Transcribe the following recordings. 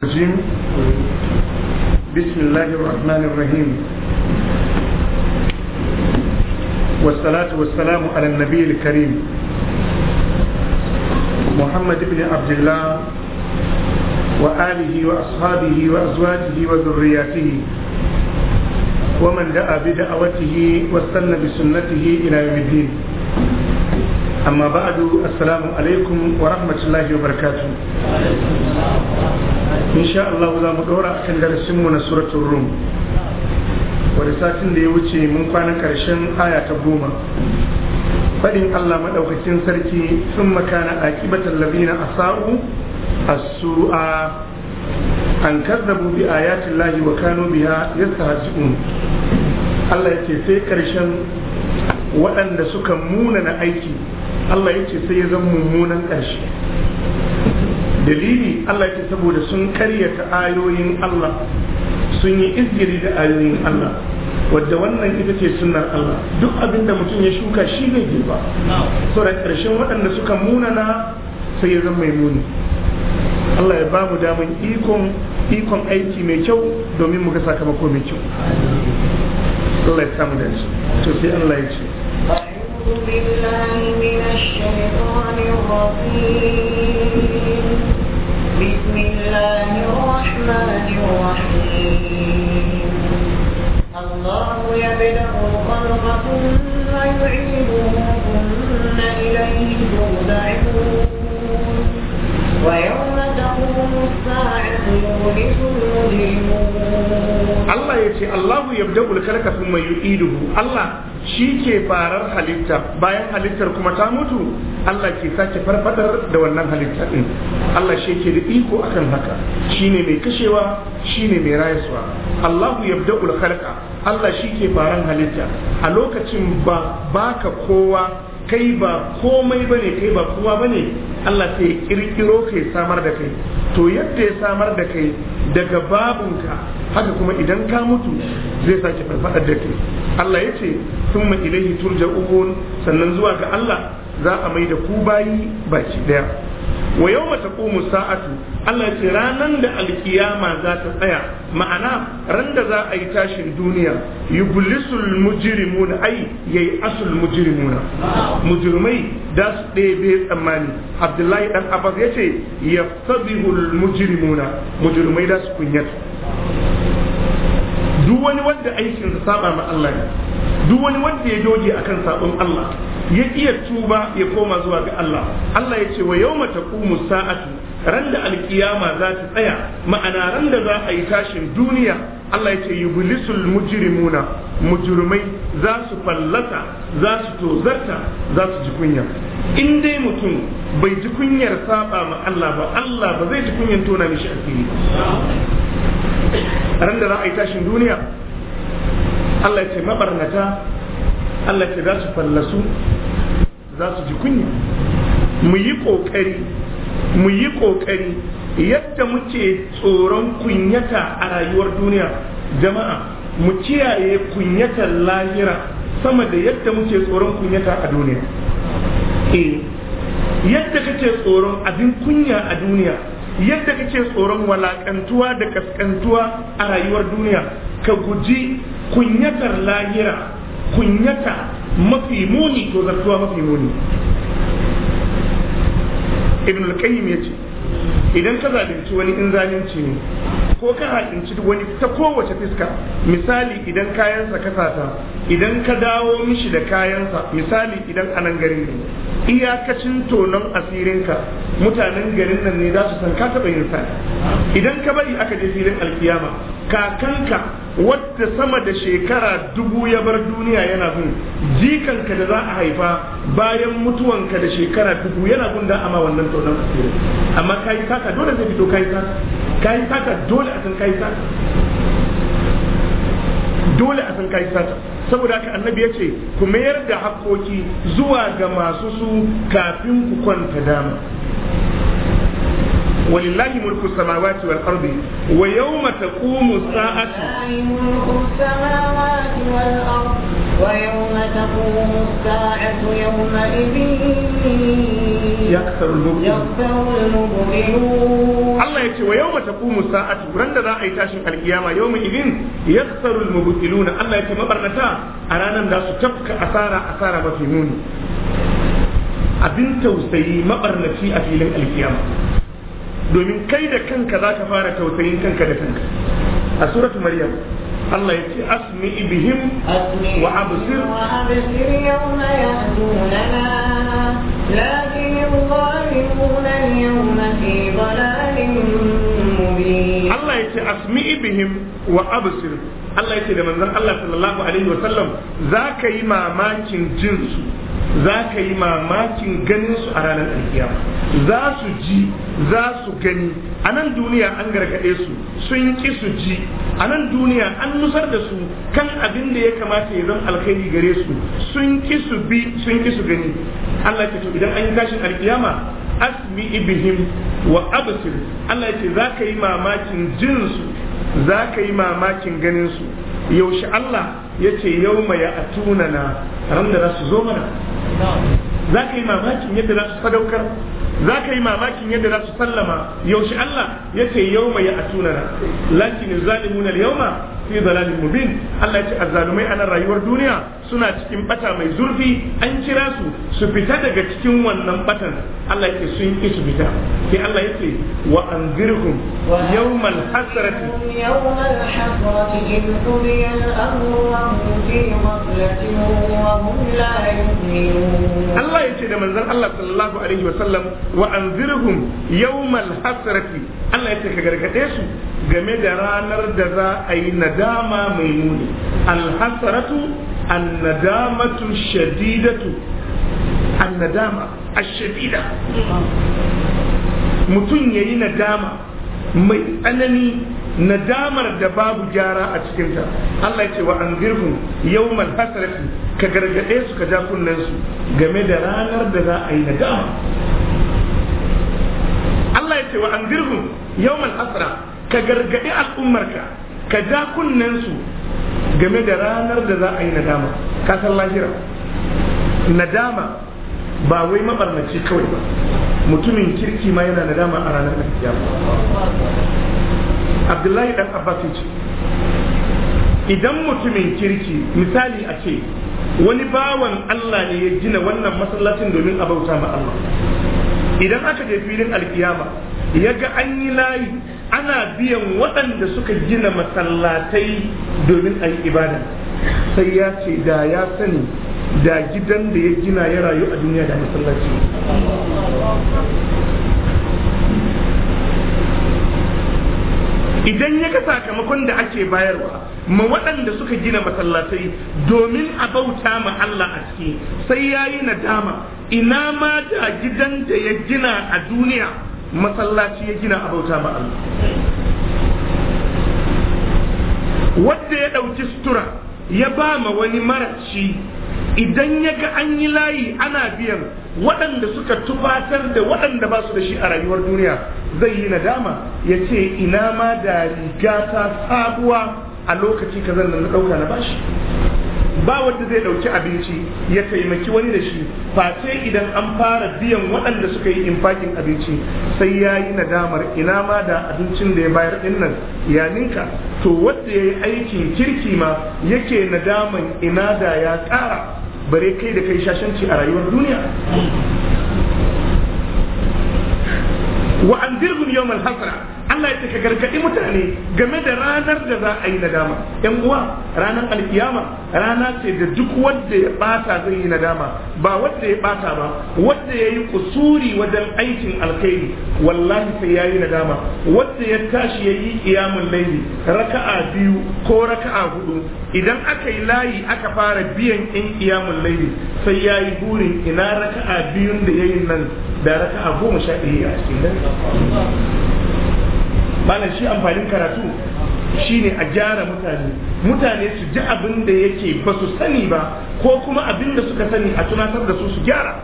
الرجيم بسم الله الرحمن الرحيم والصلاة والسلام على النبي الكريم محمد بن عبد الله وآله وأصحابه وأزواجه وذرياته ومن دعا بدعوته واستنى بسنته إلى يوم الدين أما بعد السلام عليكم ورحمة الله وبركاته sha Allah za mu ɗora akan darasin mu na suratun rum wani satin da ya wuce mun kwana ƙarshen aya ta goma faɗin Allah maɗaukacin sarki sun makana a labina a sa'u a sua an kazzabu bi ayatin lahi wa kano kanu biha yastahzi'un Allah yake sai ƙarshen waɗanda suka munana aiki Allah yake sai ya zama mummunan ƙarshe dalili Allah ya saboda sun karyata ayoyin Allah sun yi izgiri da ayoyin Allah wadda wannan ita ce sunnar Allah duk abin da mutum ya shuka shi zai ba so da ƙarshen waɗanda suka munana sai ya zama mai muni Allah ya ba mu damar ikon aiki mai kyau domin mu ga sakamako mai kyau Allah ya samu shi to sai Allah ya ce أعوذ بالله من Allah ya ce, Allahu ya bude ƙulƙarƙafin mai yi Allah shi ke farar halitta bayan halittar kuma ta mutu Allah ke sake farfadar da wannan halitta din Allah shi ke da iko akan haka shine mai kashewa shine mai Allah Allahu yabda'ul khalqa Allah shi ke farar halitta a lokacin ba baka kowa kai ba komai bane kai ba kowa bane Allah sai ya kirkiro kai samar da kai to yadda ya samar da kai daga babunka haka kuma idan ka mutu zai sake farfadar da kai Allah ya ce ilahi turja turja'un sannan zuwa ga Allah za a mai da ku bayi baki daya wa yau mata sa'atu Allah ya ce ranar da alkiyama za ta tsaya ma'ana ran da za a yi tashin duniya yublisul mujrimuna ai yayi asul mujrimuna mujrimai da su ɗebe tsammani Abdullahi dan Abbas yace yaftabihul mujrimuna mujrimai da su kunyata duk wani wanda aikin sa saba ma Allah ne duk wani wanda ya doge akan sabon Allah ya iya tuba ya koma zuwa ga Allah Allah ya ce wa yawma taqumu sa'atu ran da alkiyama za ta tsaya ma'ana ran da za a yi tashin duniya Allah ya ce yublisul mujrimuna mujrimai za su fallata za su tozarta za su ji kunya in dai mutum bai ji kunyar saba ma Allah ba Allah ba zai ji kunyar tona mishi asiri ran da za a yi tashin duniya Allah ya ce mabarnata Allah ya ce za su fallasu za su ji kunya mu yi ƙoƙari mu yi ƙoƙari yadda muke tsoron kunyata a rayuwar duniya jama'a mu kiyaye kunyatar lahira sama da yadda muke tsoron kunyata a duniya eh yadda kake tsoron abin kunya a duniya yadda kake tsoron walakantuwa da kaskantuwa a rayuwar duniya ka guji kunyatar lahira kunyata mafi muni to zartuwa mafi muni ibn al-qayyim ce, idan ka zalunci wani in zalunci ne ko ka haɗinci wani ta kowace fiska misali idan kayansa ka sata idan ka dawo mishi da kayansa misali idan anan gari ne iyakacin tonon asirinka mutanen garin nan ne za su san ka taɓa yin sani idan ka bari aka je filin alkiyama kakanka wadda sama da shekara dubu ya bar duniya yana bin jikanka da za a haifa bayan mutuwanka da shekara dubu yana bin da ama wannan tonon asirin amma ka yi sata dole zai fito ka yi sata ka yi sata dole a san ka yi dole a san ka yi sata saboda haka annabi ya ce ku mayar da haƙoƙi zuwa ga masu su kafin ku kwanta dama ولله ملك السماوات والأرض ويوم تقوم الساعة ملك السماوات والأرض ويوم تقوم الساعة يومئذ yakfaru lubu Allah yace wa yawma taqumu sa'atu ran da za a yi tashin alkiyama yawma idin yakfaru almubtilun Allah ya yace mabarnata a ranan da su tafka asara asara mafi muni abin tausayi mabarnaci a filin alkiyama domin kai da kanka za ka fara tausayin kanka da kanka a suratu maryam Allah ya ce asmi ibihim wa abusir لكن الظالمون اليوم في ضلال مبين absir يتي أسمع Allah ya ce da manzon Allah sallallahu alaihi wa sallam za ka yi mamakin jinsu za ka yi mamakin ganin su a ranar alkiyama za su ji za su gani a nan duniya an gargaɗe su sun ƙi su ji a nan duniya an nusar da su kan abin da ya kamata ya zama alkhairi gare su sun ƙi su bi sun ƙi su gani Allah ya to idan an yi tashin alkiyama asmi ibihim wa absir Allah ya ce za ka yi mamakin jin za ka yi mamakin ganin su yaushe Allah ya ce yau mai ya atuna na ran da za su zo mana za ka yi mamakin yadda za su sadaukar za ka yi mamakin yadda za su sallama yaushe Allah ya ce yau mai ya atuna na lakin zalimuna yau ma fi dalalin mubin Allah ce azzalumai anan rayuwar duniya suna cikin bata mai zurfi an kira su su fita daga cikin wannan batan Allah sun ki su fita Allah wa anzirhum yawmal hasrati yawmal hasrati in qudiya al-amru fi wa hum la yu'minun Allah da manzon Allah sallallahu alaihi wa sallam wa anzirhum yawmal hasrati Allah ka gargade su game da ranar da za a yi nadama nadama mai muni alhasaratu annadamatu shadidatu annadama ashadida mutum yayi nadama mai tsanani nadamar da babu gyara a cikinta Allah ya ce wa an zirhun yau ka gargaɗe ka ja su game da ranar da za a yi nadama Allah ya ce ka gargaɗe al'ummarka ka ja kunnen su game da ranar da za a yi nadama ka san lahira nadama ba wai mabarnaci kawai ba mutumin kirki ma yana nadama a ranar da kiyama abdullahi dan abbas ce idan mutumin kirki misali a ce wani bawan Allah ne ya gina wannan masallacin domin a bauta ma Allah idan aka je filin alkiyama ya ga an yi layi ana biyan waɗanda suka gina masallatai domin a yi ibada sai ya ce da ya sani da gidan da ya gina ya rayu a duniya da masallaci idan ya ga sakamakon da ake bayarwa ma waɗanda suka gina masallatai domin a bauta ma Allah a ciki sai ya yi nadama ina ma da gidan da ya gina a duniya masallaci ya gina abauta ma Allah wanda ya ɗauki sutura ya ba ma wani maraci idan ya ga an yi layi ana biyan waɗanda suka tufatar da waɗanda ba su da shi a rayuwar duniya zai yi nadama ya ce ina ma da riga ta sabuwa a lokaci kazan da na ɗauka na bashi ba wanda zai ɗauki abinci ya taimaki wani da shi face idan an fara biyan waɗanda suka yi infakin abinci sai ya yi nadamar ina ma da abincin da ya bayar ɗin nan ya ninka to wanda ya yi aikin kirki ma yake nadaman ina da ya ƙara bare kai da kai shashanci a rayuwar duniya wa an yau yawmal Allah ya ce ka gargaɗi mutane game da ranar da za a yi nadama yan uwa ranar alkiyama rana ce da duk wanda ya bata zai yi nadama ba wanda ya bata ba wanda ya yi kusuri wajen aikin alkhairi wallahi sai ya yi nadama wanda ya tashi ya yi kiyamun laili raka'a biyu ko raka'a hudu idan aka yi layi aka fara biyan in kiyamun laili sai ya yi burin ina raka'a biyun da ya yi nan da raka'a goma sha ɗaya a cikin malam shi amfanin karatu shine a gyara mutane mutane su ji abin da yake ba su sani ba ko kuma abin da suka sani a tunatar da su su gyara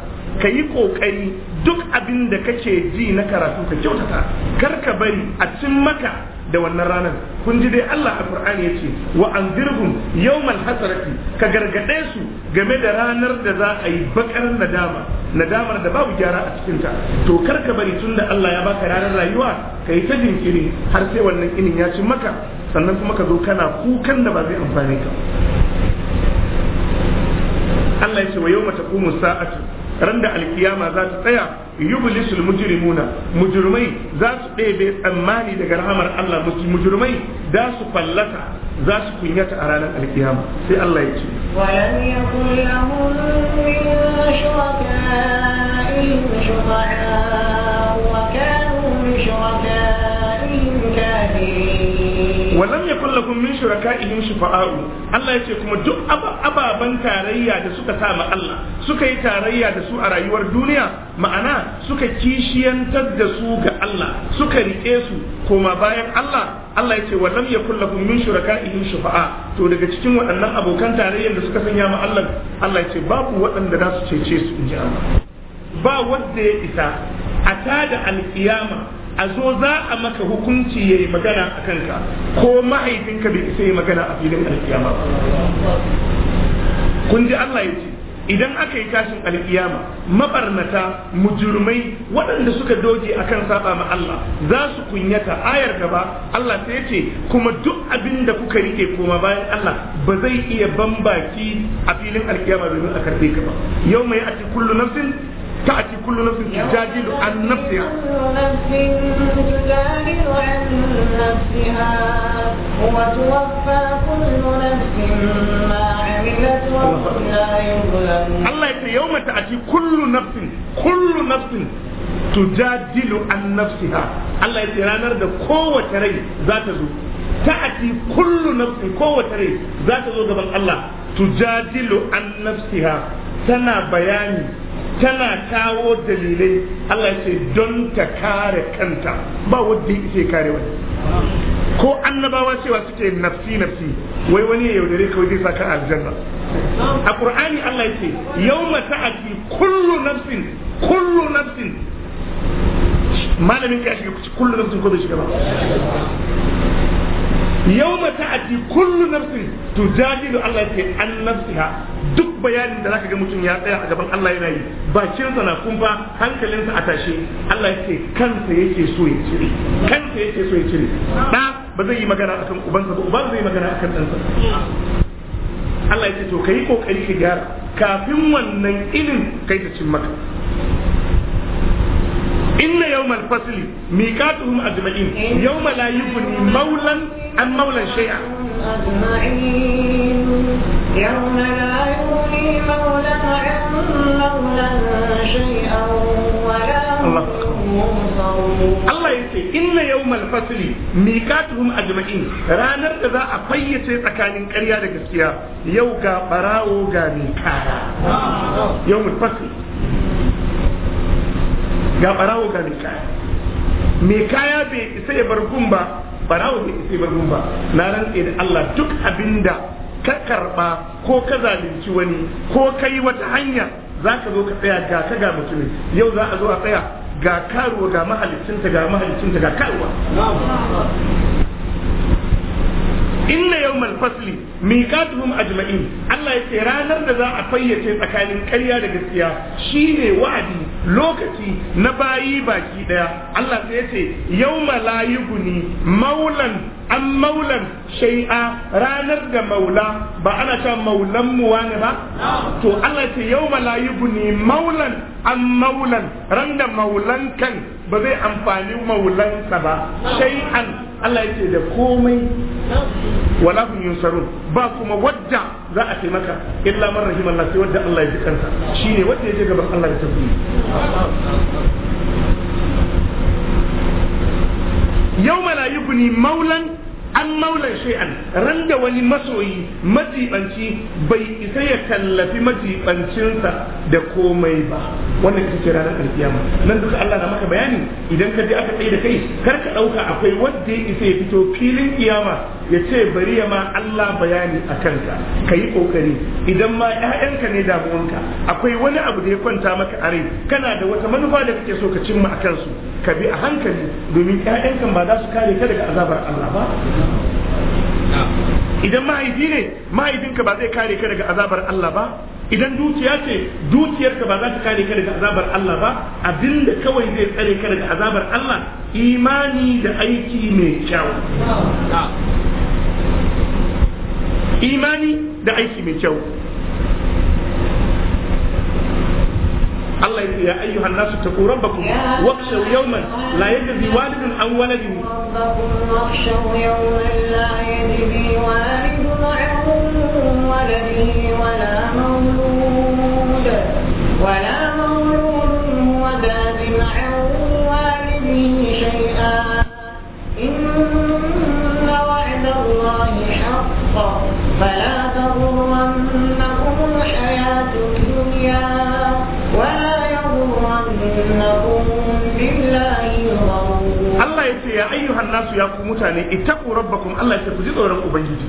ka yi kokari duk abin da kake ji na karatu ka kyautata kar ka bari a cin maka da wannan ranar kun ji dai Allah a Qur'ani ya ce wa anzirhum yawmal hasarati ka gargade su game da ranar da za a yi bakar nadama nadamar da babu gyara a cikin ta to kar ka bari tunda Allah ya baka ranar rayuwa ka yi ta jinkiri har sai wannan inin ya ci maka sannan kuma ka zo kana kukan da ba zai amfane ka Allah ya ce wa yawma taqumu sa'atu ran da alkiyama za ta tsaya yubilisul mujrimuna mujrimai za su ɗebe tsammani daga rahamar Allah mujrimai za su fallata za su kunyata a ranar alkiyama sai Allah ya ce walam yakul lakum min shuraka'ihim shufa'a'u Allah yace kuma duk ababan tarayya da suka sa ma Allah suka yi tarayya da su a rayuwar duniya ma'ana suka kishiyantar da su ga Allah suka riƙe su koma bayan Allah Allah yace walam yakul lakum min shuraka'ihim shufa'a to daga cikin waɗannan abokan tarayyar da suka sanya ma Allah Allah yace babu waɗanda za su cece su in ji Allah ba wanda ya isa a tada alkiyama a zo za a maka hukunci ya yi magana a kanka ko mahaifinka bai isa yi magana a filin alkiyama kun ji Allah ya ce idan aka yi tashin alkiyama mabarnata mujurmai waɗanda suka doge akan saba ma Allah za su kunyata ayar gaba Allah sai ce kuma duk abin da kuka rike koma bayan Allah ba zai iya bambaki a filin alkiyama domin a karbe ka ba yau mai ati kullu nafsin تأتي كل نفس تجادل عن نفسها وتوفى كل نفس ما عملت وهم لا يظلمون الله يقول يوم تأتي كل نفس كل نفس تجادل عن نفسها الله يقول أنا أرد قوة rai ذات ذو تأتي كل نفس قوة kowace ذات ذو قبل الله تجادل عن نفسها an بياني tana kawo dalilai Allah ya ce don ta kare kanta ba wanda yake kare wani ko annabawa cewa suke nafsi nafsi wai wani ya yaudare kawai zai saka aljanna a qur'ani Allah ya ce yawma ta'ati kullu nafsin kullu nafsin malamin ka shiga kullu nafsin ko bai shiga ba yawma ta'ati kullu nafsin tujadilu Allah yake an nafsiha duk bayanin da zaka ga mutum ya tsaya a gaban Allah yana yi bakin sa na kumfa hankalinsa a tashe Allah yake kansa yake so ya cire kansa yake so ya cire da ba zai yi magana akan ubansa ba uban zai yi magana akan ɗansa Allah yake to kai kokari ka gyara kafin wannan ilin kai ta cin maka inna yawmal fasli miqatuhum ajma'in yawma la yughni mawlan an mawlan shay'a يوم لا يغني مولى عن مولى شيئا Allah ya ce inna yawmal fasli miqatuhum ajma'in ranar da za a fayyace tsakanin ƙarya da gaskiya yau ga barawo ga mai kara yawmul fasli ga barawo ga mai kaya mai kaya bai isa ya bar gumba barawo bai isa ya bar gumba na rantse da Allah duk abinda ka karba ko ka zalunci wani ko kai wata hanya za ka zo ka tsaya ga ka ga mutumin yau za a zo a tsaya ga karuwa ga mahalicinta ga mahalicinta ga karuwa inna yawmal fasli miqatuhum ajma'in Allah ya ce ranar da za a fayyace tsakanin karya da gaskiya shine wa'adi lokaci na bayi baki daya Allah sai ce yawma la yuguni maulan an maulan shai'a ranar da maula ba ana ta maulan mu wani ba to Allah ce yawma la yuguni maulan an maulan ran da maulan kan ba zai amfani maulansa ba shay'an Allah ya ce da komai wala hum yunsarun ba kuma wadda za a taimaka illa man rahim Allah sai wadda Allah ya ji kansa shine wadda ya je gaban Allah da tafi yau la yubni maulan an maula shay'an ran da wani masoyi majibanci bai isa ya tallafi majibancinsa da komai ba wannan ita ce ranar alkiyama nan duka Allah na maka bayani idan ka je aka tsaye da kai kar ka dauka akwai wanda ya isa ya fito filin kiyama ya ce bari ya ma Allah bayani a kanka ka yi ƙoƙari idan ma ‘ya'yanka ne damuwanka akwai wani abu da ya kwanta maka a rai kana da wata manufa da kake so ka cimma a kansu ka bi a hankali domin ‘ya'yanka ba za su kare ka daga azabar Allah ba idan mahaifi ne mahaifinka ba zai kare ka daga azabar Allah ba idan dukiya ce dukiyarka ba za ta kare ka daga azabar Allah ba abinda kawai zai tsare ka daga azabar Allah imani da aiki mai kyau imani da aiki mai kyau الله يا أيها الناس اتقوا ربكم واخشوا يوما لا يجزي والد عن ولده واخشوا يوما لا يجزي والد عن ولده ولا مولود ولا مولود هو باد عن والده شيئا إن وعد الله حق فلا تغرنكم الحياة الدنيا ولا يغرنكم بالله الغرور الله يا أيها الناس يا قوم متاني اتقوا ربكم الله يتقوا جدوا ربكم بنجدي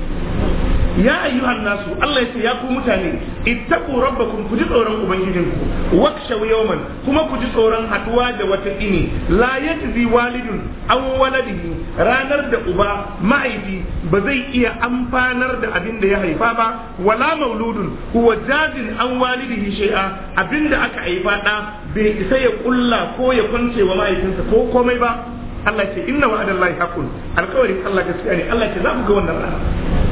ya ayyuhan nasu Allah ya ce ya ku mutane ittaqu rabbakum ku ji tsoron ubangijinku wakshaw yawman kuma ku ji tsoron haduwa da wata ini la yajzi walidun an waladihi ranar da uba ma'aibi ba zai iya amfanar da abin da ya haifa ba wala mauludun huwa jazin an walidihi shay'a abin da aka haifa da bai isa ya kulla ko ya kwance wa ma'aifinsa ko komai ba Allah ce inna wa'adallahi haqqun alkawari Allah gaskiya ne Allah ce za ku ga wannan rana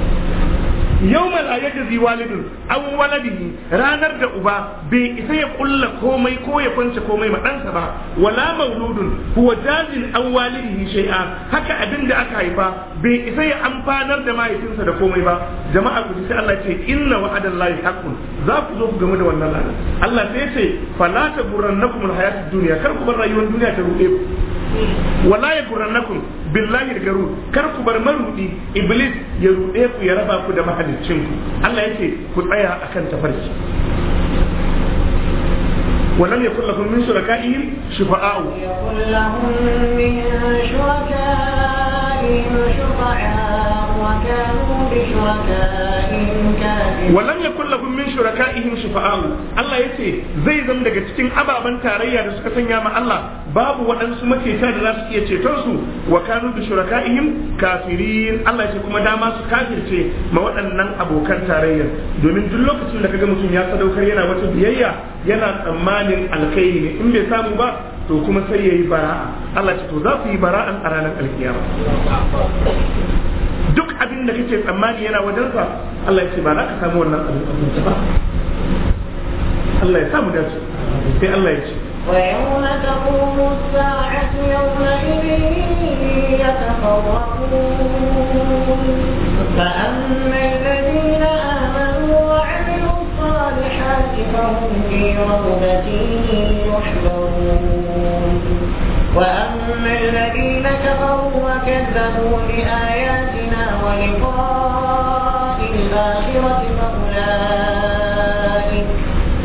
yawma la yajzi walidun aw waladihi ranar da uba bai isa ya kulla komai ko ya kwance komai ma ɗansa ba wala mauludun huwa jazin aw walidihi shay'a haka abin da aka haifa bai isa ya amfanar da mahaifinsa da komai ba jama'a ku ji sai Allah ce inna wa'adallahi haqqun za ku zo ku game da wannan ranar Allah sai ya ce fala taburannakum alhayatud dunya kar ku bar rayuwar duniya ta ruɗe ku wala ya gurrannakum billahi garu kar ku bar marudi iblis ya rude ku ya raba ku da mahaliccin ku Allah yake ku tsaya akan tafarki ولم يكن لهم من شركائهم شفعاء يكن لهم من شركائهم شفعاء walam yakun lahum min shuraka'ihim shufa'a'u Allah ce zai zama daga cikin ababen tarayya da suka sanya ma Allah babu waɗansu maketa da za su iya ceton su wa kanu bi shuraka'ihim kafirin Allah yace kuma dama su kafirce ma waɗannan abokan tarayya domin duk lokacin da kaga mutum ya sadaukar yana wata biyayya yana tsammanin alkhairi ne in bai samu ba to kuma sai yayi bara'a Allah ce to za su yi bara'an a ranar alkiyama abin da tsammani yana wajensa Allah ya ce ba za ka samu wannan abin ba Allah ya samu dace sai Allah ya ce ويوم تقوم الساعة يومئذ يتفرقون فأما الذين آمنوا وعملوا الصالحات فهم في روضة يحبرون وأما الذين كفروا وكذبوا بآياتنا ولقاء الآخرة فأولئك,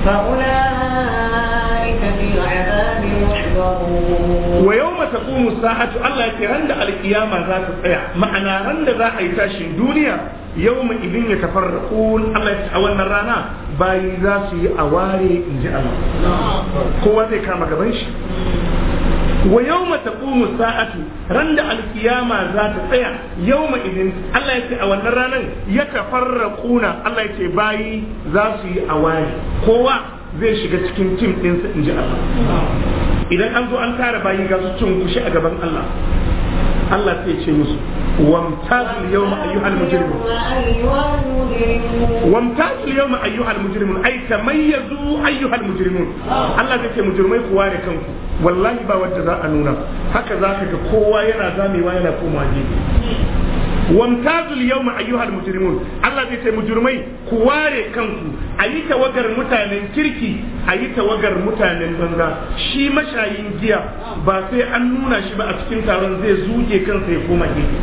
فأولئك في العذاب محضرون ويوم تقوم الساعة الله يترند القيامة ذات الطيع معنى رند ذا أيتاش الدنيا يوم إذن يتفرقون الله يتعاون الرانا باي ذا سي أواري إن جاء الله نعم. قوة كما كبنش wa yawma taqumu sa'atu randa alkiyama za ta tsaya yawma idin Allah ya ce a wannan ranar ya ƙuna Allah ya ce bayi za su yi awari kowa zai shiga cikin tim ɗinsa in ji Allah idan an zo an tara bayi ga su cin kushi a gaban Allah Allah sai ce musu وامتازوا اليوم أيها المجرمون وامتازوا اليوم أيها المجرمون أي تميزوا أيها المجرمون الله زي مجرمي كواري كنكم والله با وجه ذا هكذا كقوة ينا زامي وينا كوما جيبي wamtazul yawma ayyuhal mujrimun Allah zai ce mujrimai ku ware kanku ayi tawagar mutanen kirki ayi tawagar mutanen banga shi mashayin giya ba sai an nuna shi ba a cikin taron zai zuge kansa ya koma gefe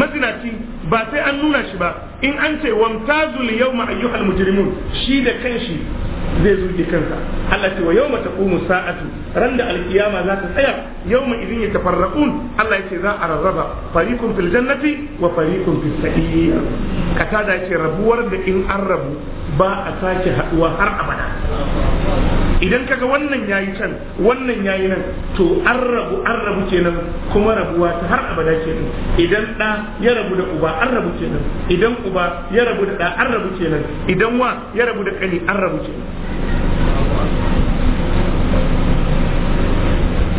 mazinaci ba sai an nuna shi ba in an ce wamtazul yawma ayyuhal mujrimun shi da kanshi zai zuge kansa Allah ce wa yawma taqumu sa'atu ran da alkiyama za ta tsaya yawma idin yatafarraqun Allah ya ce za a rarraba fariqun fil jannati wa fariqun fis sa'ir kata da ce rabuwar da in an rabu ba a sake haduwa har abada idan kaga wannan yayi can wannan yayi nan to an rabu an rabu kenan kuma rabuwa ta har abada kenan idan da ya rabu da uba an rabu kenan idan uba ya rabu da da an rabu kenan idan wa ya rabu da kani an rabu kenan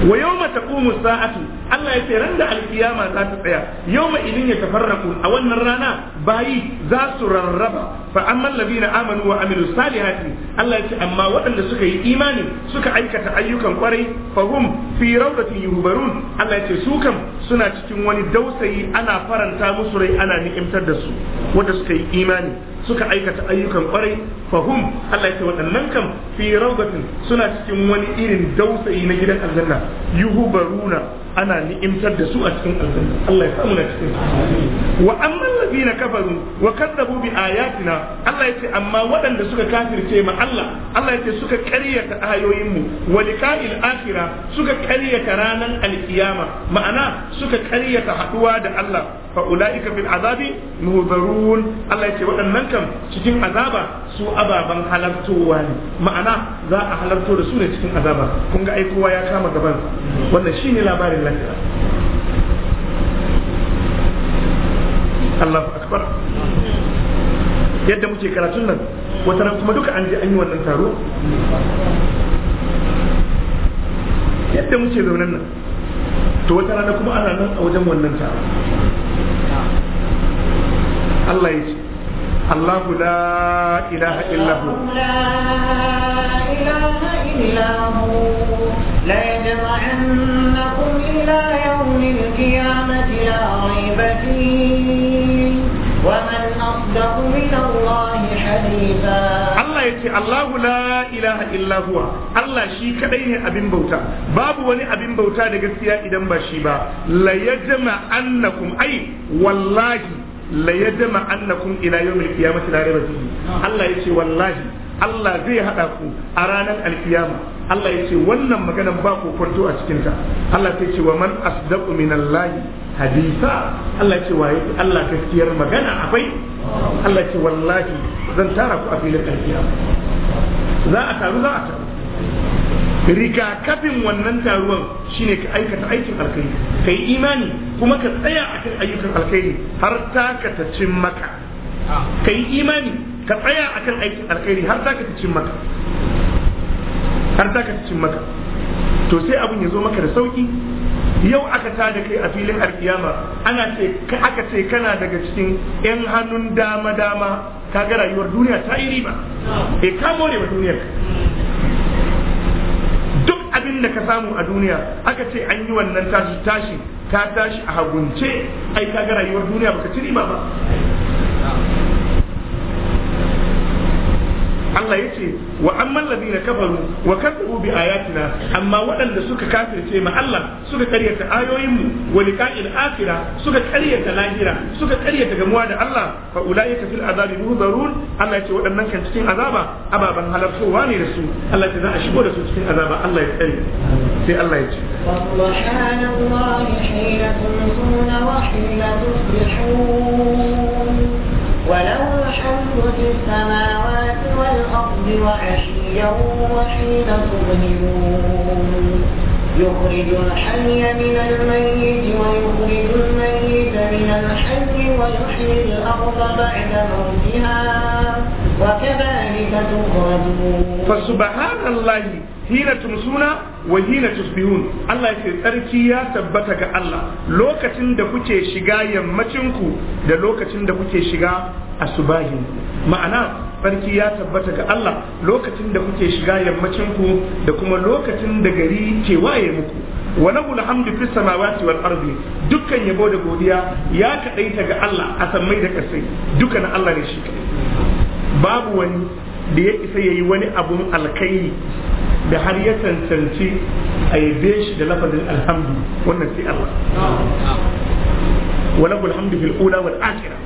wa mata taqumu sa'atu Allah ya ce ran da alkiyama za ta tsaya ma idin ya tafarraku a wannan rana bayi za su rarraba fa amma na amanu wa amilu salihati Allah ya ce amma waɗanda suka yi imani suka aikata ayyukan kwarai fahum firau fi rawdatin yuhbarun Allah ya ce su kam suna cikin wani dausayi ana faranta musu rai ana ni'imtar da su wanda suka yi imani suka aikata ayyukan kwarai fahum Allah ya waɗannan kam fi suna cikin wani irin dausayi na gidan aljanna yuhubaruna ana ni'imtar da su a cikin aljanna Allah ya samu na cikin wa amma allazina kafaru wa kadzabu bi ayatina Allah yace amma waɗanda suka kafirce ma Allah Allah yace suka ƙaryata ayoyin mu wa liqa'il akhirah suka ƙaryata ranan alkiyama ma'ana suka ƙaryata haduwa da Allah fa ulaika bil azabi muhdarun Allah yace waɗannan kam cikin azaba su ababan halartowa ne ma'ana za a halarto da su ne cikin azaba kun ga ai kowa ya kama gaban wannan shine labarin lahira Allahu akbar yadda muke karatun nan wata nan kuma duka an je an yi wannan taro yadda muke zaunan nan to wata rana kuma ana nan a wajen wannan taro Allah ya ce الله لا إله إلا هو لا إله إلا هو لا يجمعنكم إلى يوم القيامة لا ريب فيه ومن أصدق من الله حديثا Allah ya ce Allahu la ilaha illa huwa Allah shi kadai ne abin bauta babu wani abin bauta da gaskiya idan ba shi ba la yajma annakum ai wallahi la yajma annakum ila yawmil qiyamati la rayba fihi Allah yace wallahi Allah zai hada ku a ranar alkiyama Allah yace wannan maganan ba ku kwanto a cikin ta Allah sai ce wa man asdaqu minallahi hadisa Allah yace wa yace Allah gaskiyar magana akwai Allah yace wallahi zan tara ku a filin alkiyama za a taru za a taru rigakafin wannan taruwan shine ka aikata aikin alkhairi ka yi imani kuma ka tsaya a kan ayyukan alkhairi har ka ta cin maka ka yi imani ka tsaya a kan aikin alkhairi har ka ta cin maka har ka ta cin maka to sai abin ya zo maka da sauki yau aka ta da kai a filin alkiyama ana ce aka ce kana daga cikin yan hannun dama dama kaga rayuwar duniya ta yi riba e ka more wa duniyar abin da ka samu a duniya aka ce an yi wannan tashi tashi ta tashi a hagunce ai ka ga rayuwar duniya baka ci riba ba Allah ya ce wa amman ladina kafaru wa kazzabu bi ayatina amma waɗanda suka kafirce ma Allah suka karyata ayoyin mu wa liqa'il akhirah suka karyata lahira suka karyata gamuwa da Allah fa ulaika fil azabi muhdarun Allah ya ce waɗannan kan cikin azaba ababan halartowa ne da su Allah ya za a shigo da su cikin azaba Allah ya tsare sai Allah ya ce سبحان الله حين وله الحمد في السماوات والأرض وعشيا وحين تظهرون يخرج الحي من الميت ويخرج الميت من الحي ويحيي الأرض بعد موتها وكذلك تخرجون فسبحان الله حين تمسون وحين تصبحون الله يسير تركي يا تبتك الله لوكتن دا كوكي شغا يمتنكو دا لوكتن دا كوكي شغا أسباهنكو معناه farki ya tabbata ga Allah lokacin da kuke shiga yammacin ku da kuma lokacin da gari ke waye muku walahu alhamdu fis samawati wal ardi dukkan yabo da godiya ya kadaita ga Allah a sammai da kasai dukkan Allah ne shi babu wani da ya isa ya yi wani abun alkairi da har ya cancanci a yabe shi da lafazin alhamdu wannan sai Allah wala kul alhamdu fil ula wal akhirah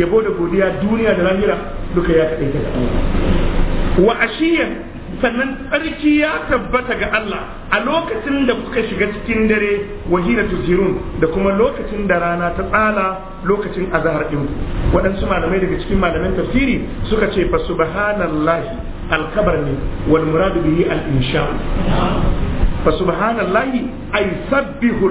yabo da godiya duniya da lahira duka ya kaɗai ta wa ashiyan sannan tsarki ya tabbata ga Allah a lokacin da kuka shiga cikin dare wahina tuzirun da kuma lokacin da rana ta tsala lokacin azahar din waɗansu malamai daga cikin malaman tafsiri suka ce fa subhanallahi alkabar ne wal muradu bihi al insha fa subhanallahi ay sabbihu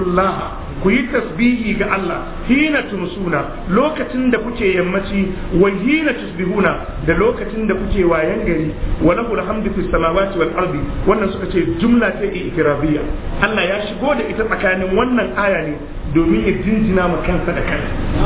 ku yi tasbihi ga Allah hina tumsuna lokacin da kuke yammaci wa hina tusbihuna da lokacin da kuke wayan gari wa lahu alhamdu fis samawati wal ardi wannan suka ce jumla ta ikirabiyya Allah ya shigo da ita tsakanin wannan aya ne domin ya jinjina ma kansa da kansa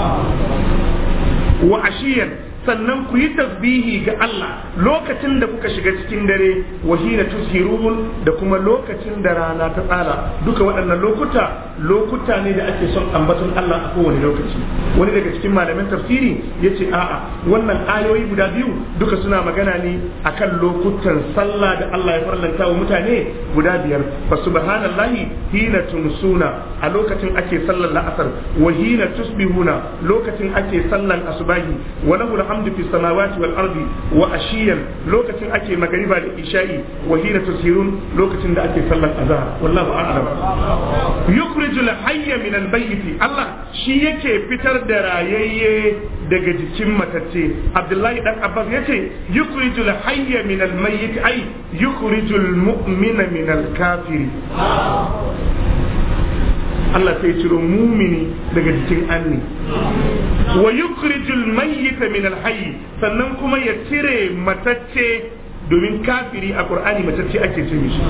wa ashiyan sannan ku yi tasbihi ga Allah lokacin da kuka shiga cikin dare wa hina tusirun da kuma lokacin da rana ta tsala duka waɗannan lokuta lokuta ne da ake son ambaton Allah a kowane lokaci wani daga cikin malamin tafsiri ya ce a'a wannan ayoyi guda biyu duka suna magana ne akan lokutan sallah da Allah ya farlanta wa mutane guda biyar fa subhanallahi hina tumsuna a lokacin ake sallar la'asar wa hina tusbihuna lokacin ake sallan asubahi wa hamdu fi samawati wal ardi wa ashiyan lokacin ake magariba da isha'i wa hina lokacin da ake sallar azhar wallahu a'lam yukhrijul Allah shi yake fitar da rayayye daga jikin matacce Abdullahi dan Abbas yace mu'mina kafiri Allah sai ciro mumini daga jikin anni wa yukhrijul mayyita min alhayy sannan kuma ya cire matacce domin kafiri a qur'ani matacce ake ce mishi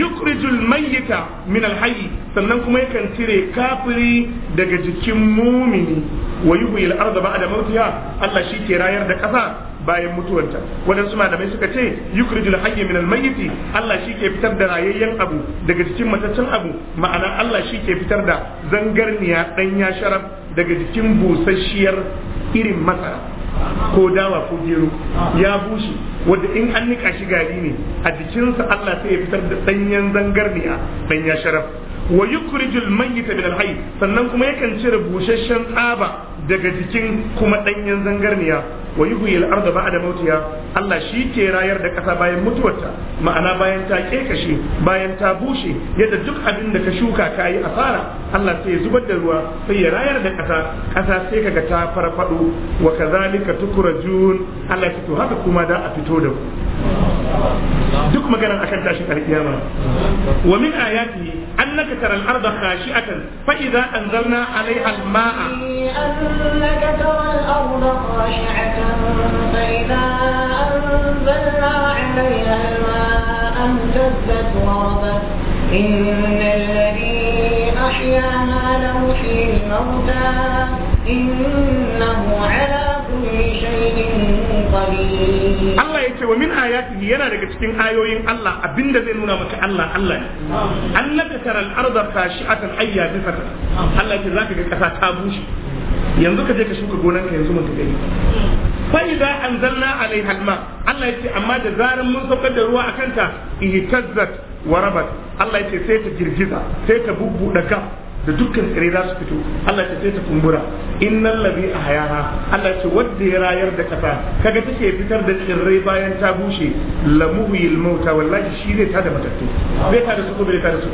yukhrijul mayyita min alhayy sannan kuma yakan cire kafiri daga jikin mumini wa yuhyil arda ba'da mawtiha Allah shi ke rayar da ƙasa bayan mutuwanta waɗansu malamai suka ce yukrijul hayy min al mayyiti Allah shi ke fitar da rayayyen abu daga cikin mataccen abu ma'ana Allah shi ke fitar da zangarniya ya sharaf daga cikin busasshiyar irin masara ko dawa ko gero ya bushe wanda in an nika shi gari ne a jikinsa Allah sai ya fitar da danyen zangarniya ya sharaf wa yukrijul mayyita min al sannan kuma yakan cire busasshen tsaba daga jikin kuma ɗanyen zangarniya wa yuhyi da ardha da mautiha Allah shi ke rayar da ƙasa bayan mutuwarta ma'ana bayan ta kekashe bayan ta bushe yadda duk abin da ka shuka ka yi asara Allah sai ya zubar da ruwa sai ya rayar da ƙasa ƙasa sai kaga ta farfaɗo wa kazalika tukrajun Allah ya to haka kuma da a fito da ku duk maganar akan tashin alkiyama wa min ayati أنك ترى الأرض خاشعة فإذا أنزلنا عليها الماء أنك ترى الأرض خاشعة فإذا أنزلنا عليها الماء اهتزت وربت إن الذي له لمحيي الموتى إنه على Allah ya ce wa min ayatihi yana daga cikin ayoyin Allah abinda zai nuna maka Allah Allah ne annaka taral arda khashi'atan ayya bifata Allah ce ga kasa ta bushe yanzu ka je ka shuka gonanka yanzu mun gani fa idza anzalna alaiha alma Allah ya ce amma da zaran mun saukar da ruwa akan ta ihtazzat wa rabat Allah ya ce sai ta girgiza sai ta bubbuda ka da dukkan tsire za su fito Allah ta sai ta kumbura innal ladhi ahyaha Allah ce wanda ya rayar da kasa kaga take fitar da tsirrai bayan ta bushe la muhyil mauta wallahi shi zai tada matattu zai da su ko ta da su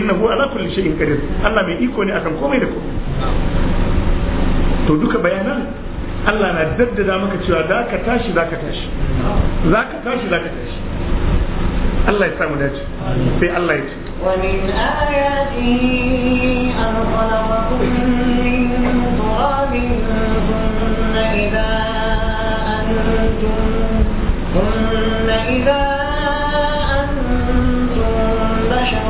innahu ala kulli shay'in qadir Allah mai iko ne akan komai da komai to duka bayanan Allah na daddada maka cewa za tashi za tashi za ka tashi za ka tashi Allah ya samu dace sai Allah ya ce ومن آياته أن خلقكم من تراب ثم إذا أنتم ثم إذا أنتم بشر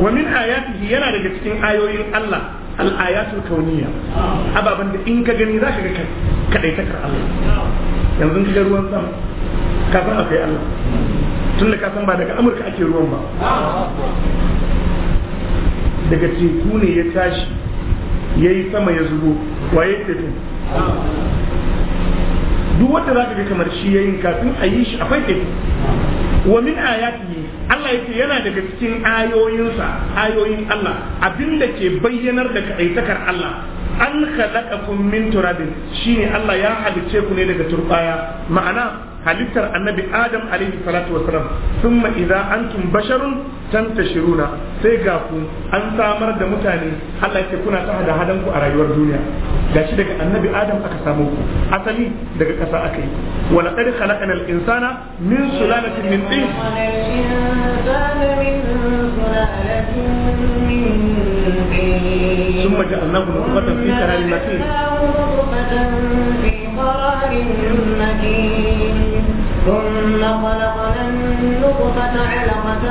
ومن آياته ينا رجل آيوين الله al'ayatul kauniya ababen da in ka gani za ka ga kadaitakar Allah yanzu ka ga ruwan sama ka san akwai Allah tun ka san ba daga Amurka ake ruwan ba daga teku ne ya tashi ya yi sama ya zubo waye tekun duk wata za ka ga kamar shi ya yin kafin a yi shi akwai teku wa min ayatihi Allah yake yana daga cikin ayoyinsa ayoyin Allah abinda ke bayyanar da kaitakar Allah an khalaqakum min turabin shine Allah ya halice ku ne daga turbaya ma'ana halittar annabi adam alaihi salatu wasalam thumma an tun basharun shiruna sai ga ku an samar da mutane Allah kuna ta hada hadanku ku a rayuwar duniya gashi daga annabi adam aka samu ku asali daga ƙasa aka yi wa laqad khalaqna al-insana min sulalatin min tin ثم جعلناه نطفة في قرار مكين ثم خلقنا النطفة علقة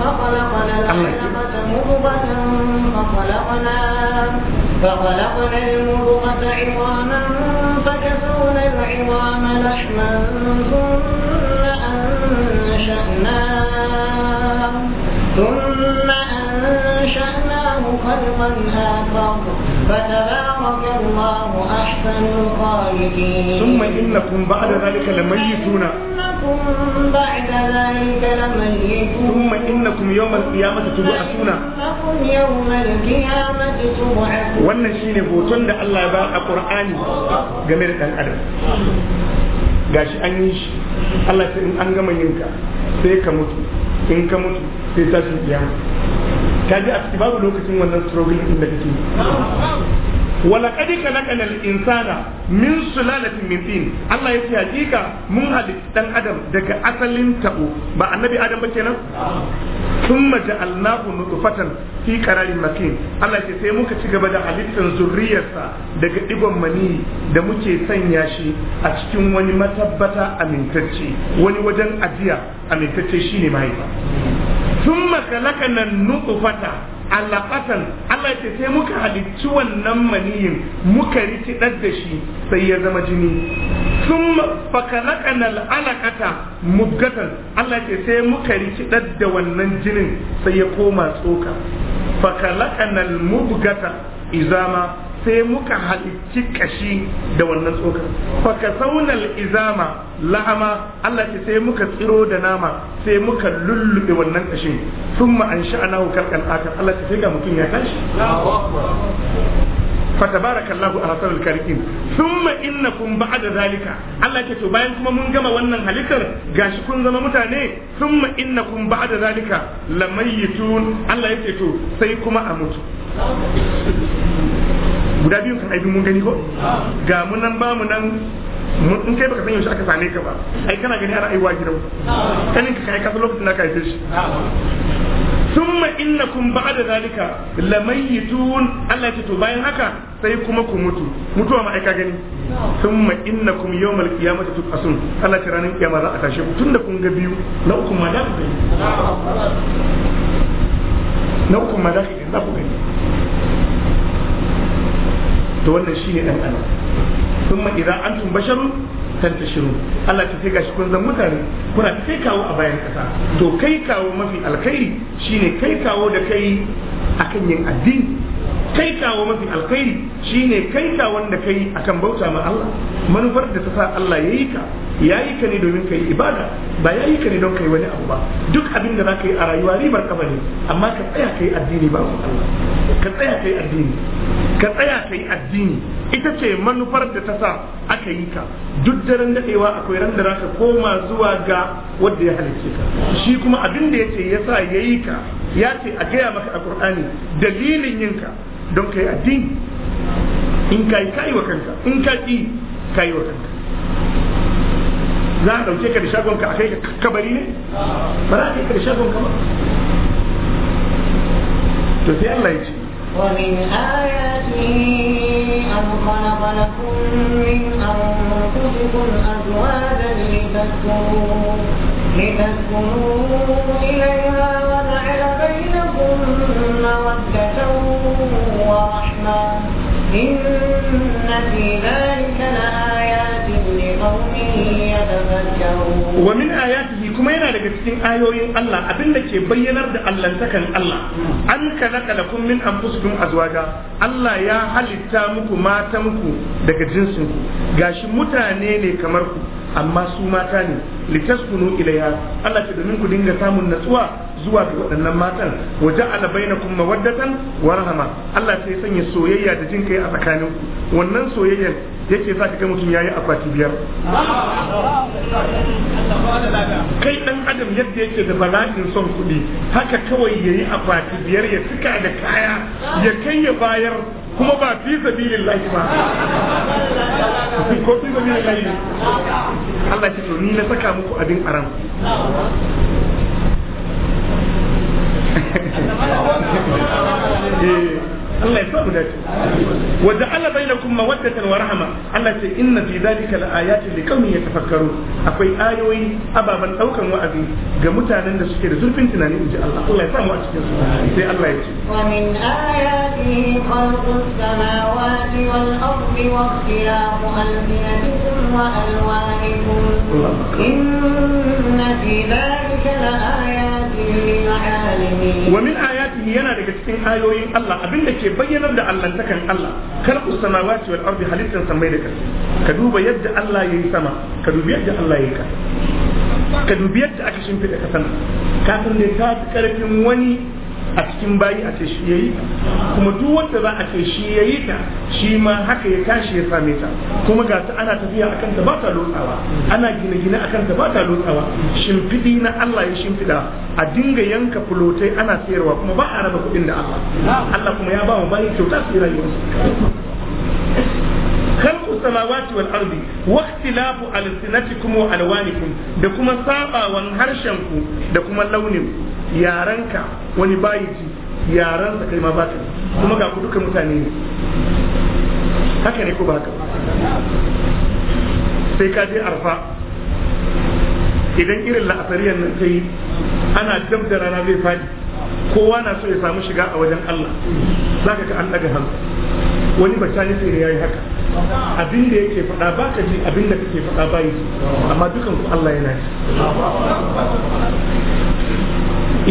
فخلقنا العلقة مضغة فخلقنا فخلقنا المضغة عظاما فكسونا العظام لحما ثم أنشأناه ثم أنشأناه خلقا آخر فتبارك الله أحسن الخالقين ثم إنكم بعد ذلك لميتون إنكم بعد ذلك لميتون ثم إنكم يوم القيامة تبعثون فإنكم يوم القيامة تبعثون wannan shine hoton da Allah ya ba a Qur'ani game da dan adam gashi an yi shi Allah sai in an gama yinka sai ka mutu in ka mutu sai tashi kiyama ta ji babu lokacin wannan struggle din da kake yi wala kadi kalakan al insana min sulalatin min tin Allah yace hakika mun hadi dan adam daga asalin tabo ba annabi adam ba kenan thumma ja'alnahu nutfatan fi qararin masin. Allah yace sai muka ci gaba da halittar zurriyarsa daga digon mani da muke sanya shi a cikin wani matabbata amintacce wani wajen ajiya amintacce shine mai sun makalaka nan nutsufata alaƙasan Allah ce sai muka halicci wannan maniyin muka rikidar da shi sai ya zama jini sun fakalaka nan alaƙata mubgatan Allah ce sai muka rikidar da wannan jinin sai ya koma tsoka fakalaka nan mubgata izama sai muka halicci kashi da wannan tsokar faka saunal izama lahama Allah ce sai muka tsiro da nama sai muka lullube wannan kashin sun an anahu hukar kal'akar Allah ce sai ga mutum ya tashi fatabarakallahu ahsanul khaliqin thumma innakum ba'da zalika Allah ya ce bayan kuma mun gama wannan halittar gashi kun zama mutane thumma innakum ba'da zalika lamayitun Allah ya ce to sai kuma a mutu guda biyun kan aibin mun gani ko ga munan nan ba mu nan mun kai baka san yaushe aka same ka ba ai kana gani ana aiwa gidan kanin ka kai ka lokacin da ka haife shi summa innakum ba'da zalika lamayitun Allah ya to bayan haka sai kuma ku mutu mutuwa ma aika gani summa innakum yawmal qiyamati tub'asun Allah ya ranar kiyama za a tashi ku tunda kun ga biyu na uku ma da na uku ma da ku gani to wannan shine dan adam thumma idan antum basharun shiru. Allah ta sai gashi kun zan mutane kuna ta kai kawo a bayan kasa to kai kawo mafi alkhairi shine kai kawo da kai akan yin addini kai mafi alkhairi shine kai ka wanda kai akan bauta ma Allah manufar da ta sa Allah yi ka ya yi ka ne domin yi ibada ba yi ka ne don yi wani abu ba duk abin da ka yi a rayuwa ribar kafa ne amma ka tsaya yi addini ba Allah ka tsaya ka tsaya addini ita ce manufar da ta sa aka yi ka duk daren daɗewa akwai ran da ka koma zuwa ga wanda ya halicce ka shi kuma abin da ya ce ya sa ya yi ka ya ce a gaya maka a ƙur'ani dalilin yin ka don ka yi addini in ka yi ka yi wa kanka in ka ƙi ka yi wa kanka za a ɗauke ka da ka a kai ka kabari ne ba za a kai ka da ka ba to sai Allah ya ce ومن آياته أنه خلق لكم من أنفسكم أزواجا لتسكنوا إليها وجعل بينكم مودة ورحمة إن في ذلك لآية wa min ayatihi kuma yana daga cikin ayoyin Allah abinda ke bayyanar da takan Allah an kalaka lakum min anfusikum azwaja Allah ya halitta muku matanku daga jinsin gashi mutane ne kamar ku amma su mata ne litaskunu ilaya. Allah ce domin ku dinga samun natsuwa zuwa ga waɗannan matan wa ja'ala bainakum mawaddatan wa rahama Allah sai sanya soyayya da jin kai a tsakanin ku wannan soyayyar yake sa ga mutum yayi akwati biyar kai dan adam yadda yake da bala'in son kuɗi haka kawai yayi akwati biyar ya tuka da kaya ya kai ya bayar kuma ba fi sabilillahi ba ko fi sabilillahi Allah ya ce ni na saka muku abin aram eh الله يسوع ذاته وجعل بينكم مودة ورحمة الله سي إن في ذلك الآيات لقوم يتفكرون أقول آيوي أبا من أوكا وأبي قمت على أن الشكير زل في انتنا نيجي الله الله يسوع مؤسسة ومن آياته خلق السماوات والأرض واختلاف ألبنتكم وألوانكم إن في ذلك لآيات wa min ayatihi yana daga cikin ayoyin Allah abinda ke bayyanar da allantakan Allah khalqus samawati wal ardi halittan samai da ƙasa ka duba yadda Allah yayi sama ka dubi yadda Allah yayi ƙasa ka dubi yadda aka shimfiɗa kasan kafin san ne ta karfin wani a cikin bayi a ce shi yayi kuma duk wanda za a ce shi yayi ta shi ma haka ya tashi ya same ta kuma ga ta ana tafiya akan ta ba ta lotsawa ana gine-gine akan ta ba ta lotsawa shimfidi na Allah ya shimfida a dinga yanka fulotai ana sayarwa kuma ba a raba kuɗin da Allah Allah kuma ya ba mu bayi kyauta su rayuwarsu خلق السماوات والأرض واختلاف ألسنتكم وألوانكم دكما سابا وانهرشنكم دكما لونكم yarenka wani bayi ji da kai ma baka kuma ga ku duka mutane ne haka ne ko ba ka sai ka je arfa idan irin la'asariyar nan ta yi ana dab da rana zai fadi kowa na so ya samu shiga a wajen Allah za ka ga an daga hannu wani bacani sai ya yi haka abin da yake faɗa ba ka ji abin da kake faɗa ba yi amma dukan ku Allah yana ji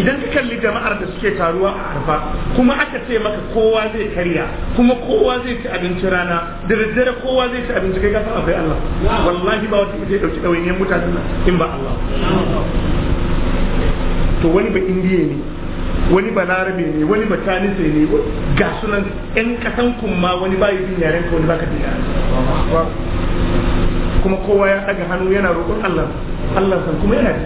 idan ka kalli jama'ar da suke taruwa a arfa kuma aka ce maka kowa zai karya kuma kowa zai ci abinci rana da daddare kowa zai ci abinci kai kasan akwai Allah wallahi ba wata zai dauki ne mutanen in ba Allah to wani ba indiya ne wani ba larabe ne wani ba tanisa ne ga sunan yan kasan kuma wani ba yi yaren ka wani ba ka kuma kowa ya daga hannu yana roƙon Allah Allah san kuma yana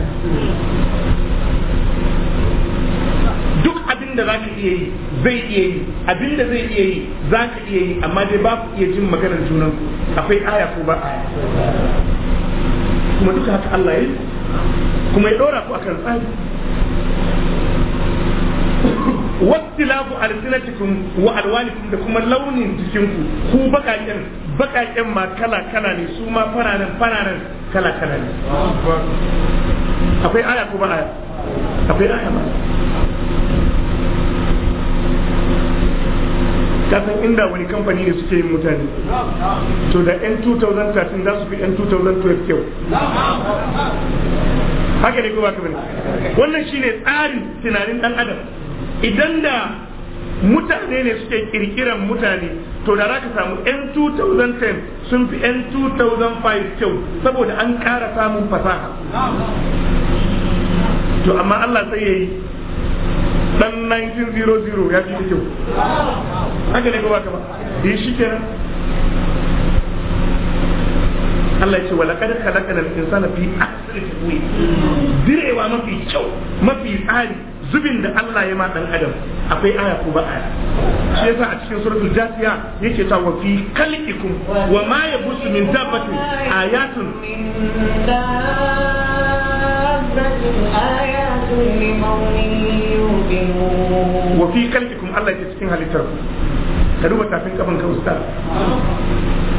abin da za ka iya yi zai iya yi abin da zai iya yi za ka iya yi amma dai ba ku iya jin maganar junan akwai aya ko ba aya kuma duka haka Allah ya kuma ya dora ku akan tsari wastilafu alsinatikum wa alwanikum da kuma launin jikinku ku bakaken bakaken ma kala kala ne su ma fararen faranan kala kala ne akwai aya ko ba aya akwai aya ba ka san inda wani kamfani ne suke yin mutane to da yan 2013 za su fi yan 2012 kyau haka ne kuma kamar wannan shine tsarin tunanin dan adam idan da mutane ne suke kirkiran mutane to da za ka samu yan 2010 sun fi yan 2005 kyau saboda an ƙara samun fasaha to amma Allah sai ya yi dan 1900 ya fi da kyau haka ne ba yi shi kenan Allah ce insana fi direwa mafi kyau mafi tsari zubin da Allah ya ma dan adam akwai aya ko ba aya shi yasa a cikin suratul jasiya yake ta wa ayatun wa fi kalkikum Allah ya cikin halittar ka duba tafin kafan ka ustaz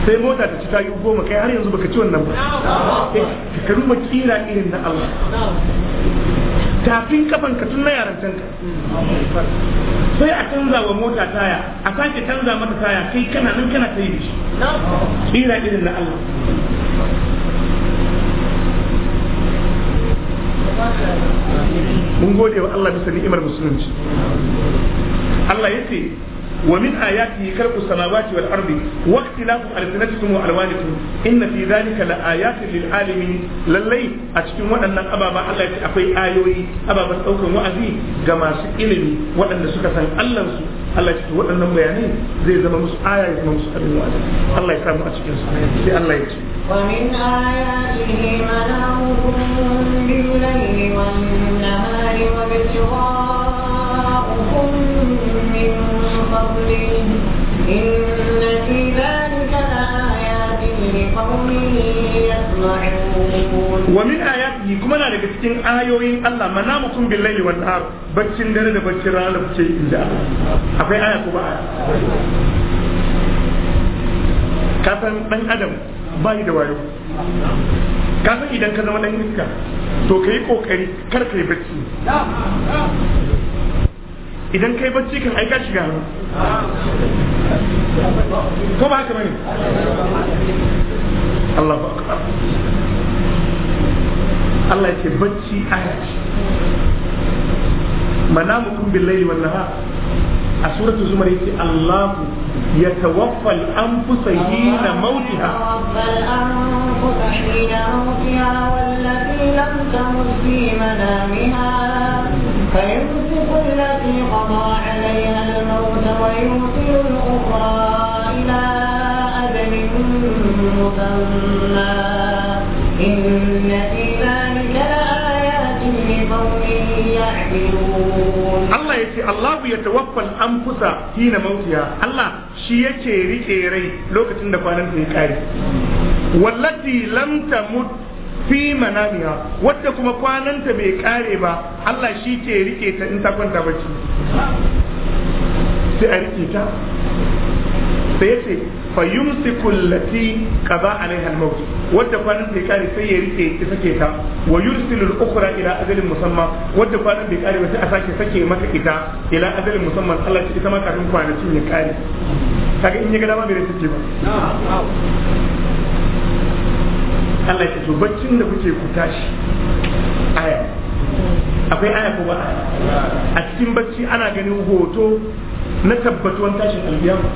sai mota ta ci ta tayu goma kai har yanzu baka ci wannan ba ka duba kira irin na Allah tafin kafan ka tun na yarantar ka sai a canza wa mota taya a sake canza mata taya kai kana nan kana ta yi shi kira irin na Allah mun gode wa Allah bisa ni'imar musulunci Allah ce wa min ayatihi khalqu samawati wal ardi wa ikhtilafu alsinatikum wa alwanikum inna fi dhalika la ayatin lil alamin lallai a cikin waɗannan ababa Allah ce akwai ayoyi ababan daukan wa'azi ga masu ilimi waɗanda suka san Allah su Allah ya ce waɗannan bayanai zai zama musu aya ya zama musu abin wa'azi Allah ya samu a cikin su sai Allah ya ce ومن آياته منامكم بالليل والنهار وابتغاؤكم من فضله إن في ذلك لآيات لقوم ومن آياته كما لا cikin ayoyin Allah manamukum billahi wan nahar baccin dare da baccin rana kuke inda akwai aya ko ba dan adam ba da wayo ka san idan ka zama dan iska to ka yi kokari kar ka yi bacci idan kai bacci kan aika shiga ne ko ba haka bane Allah ba Allah ya ce bacci aya ce manamukum billahi wallaha a suratul zumar yace Allahu يتوفى الأنفس حين موتها الأنفس حين موتها والتي لم تمت في منامها فيمسك التي قضى عليها الموت ويرسل الأخرى إلى أجل مسمى إن في ذلك لآيات لقوم يعقلون الله يتوفى الأنفس حين موتها الله shi yake rike rai lokacin da kwanan ya kare wallati lam tamut fi manamiya wadda kuma kwananta bai kare ba Allah shi ke rike ta in ta kwanta bacci sai a rike ta sai yace fa yumsiku allati qada alaiha al wadda kwanan bai kare sai ya rike ki sake ta wa yursilu al-ukhra ila ajalin musamma wadda kwanan bai kare sai a sake sake maka ita ila ajalin musamman Allah ya ita ma kafin kwanakin ya kare kaga in ya ga dama bai sake ba Allah ya ce baccin da kuke ku tashi aya akwai aya ko ba a cikin bacci ana ganin hoto na tabbatuwan tashin alfiyama